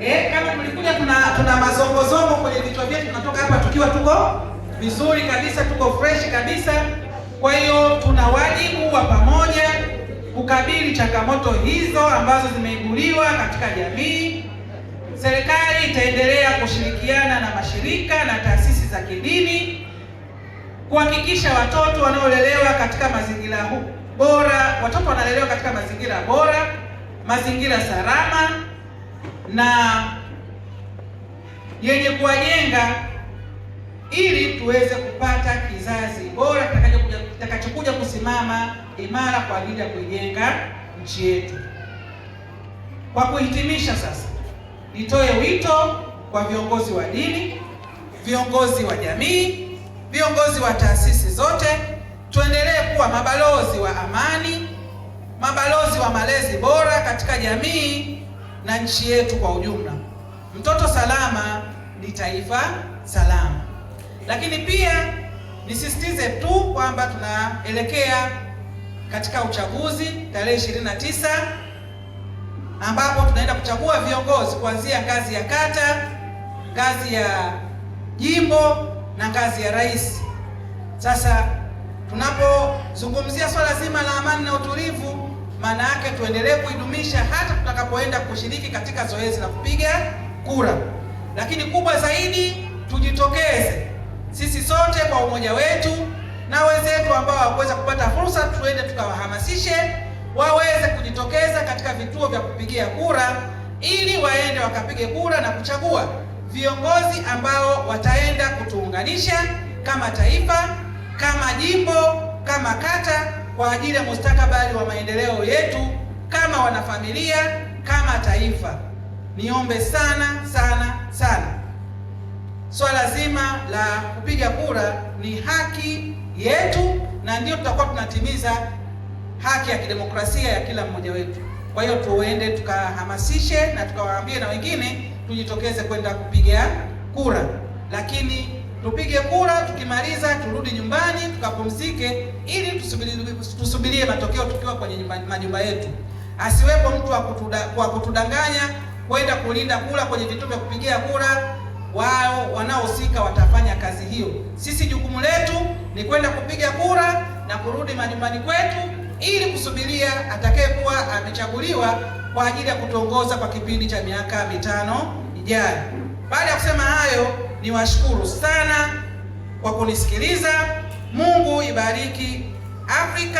Eh, kama tulikuja tuna tuna mazongozongo kwenye vichwa vyetu, tunatoka hapa tukiwa tuko vizuri kabisa, tuko fresh kabisa. Kwa hiyo tuna wajibu wa pamoja kukabili changamoto hizo ambazo zimeibuliwa katika jamii. Serikali itaendelea kushirikiana na mashirika na taasisi za kidini kuhakikisha watoto wanaolelewa katika mazingira bora, watoto wanalelewa katika mazingira bora, mazingira salama na yenye kuwajenga ili tuweze kupata kizazi bora kitakachokuja kusimama imara kwa ajili ya kuijenga nchi yetu. Kwa kuhitimisha sasa, nitoe wito kwa viongozi wa dini, viongozi wa jamii, viongozi wa taasisi zote, tuendelee kuwa mabalozi wa amani, mabalozi wa malezi bora katika jamii na nchi yetu kwa ujumla. Mtoto salama ni taifa salama. Lakini pia nisisitize tu kwamba tunaelekea katika uchaguzi tarehe 29 ambapo tunaenda kuchagua viongozi kuanzia ngazi ya kata, ngazi ya jimbo na ngazi ya rais. Sasa tunapozungumzia swala zima la amani na utulivu maana yake tuendelee kuidumisha hata tutakapoenda kushiriki katika zoezi la kupiga kura. Lakini kubwa zaidi, tujitokeze sisi sote kwa umoja wetu, na wenzetu ambao hawakuweza kupata fursa, tuende tukawahamasishe waweze kujitokeza katika vituo vya kupigia kura, ili waende wakapige kura na kuchagua viongozi ambao wataenda kutuunganisha kama taifa, kama jimbo, kama kata kwa ajili ya mustakabali wa maendeleo yetu kama wanafamilia, kama taifa. Niombe sana sana sana, swala zima la kupiga kura ni haki yetu, na ndio tutakuwa tunatimiza haki ya kidemokrasia ya kila mmoja wetu. Kwa hiyo tuende tukahamasishe na tukawaambie na wengine tujitokeze kwenda kupiga kura, lakini tupige kura, tukimaliza turudi nyumbani tukapumzike, ili tusubirie, matokeo tukiwa kwenye majumba yetu. Asiwepo mtu wa kutudanganya kwenda kulinda kura kwenye vituo vya kupigia kura. Wao wanaohusika watafanya kazi hiyo. Sisi jukumu letu ni kwenda kupiga kura na kurudi majumbani kwetu, ili kusubiria atakayekuwa amechaguliwa kwa ajili ya kutuongoza kwa kipindi cha miaka mitano ijayo. Baada ya kusema hayo, niwashukuru sana kwa kunisikiliza. Mungu ibariki Afrika.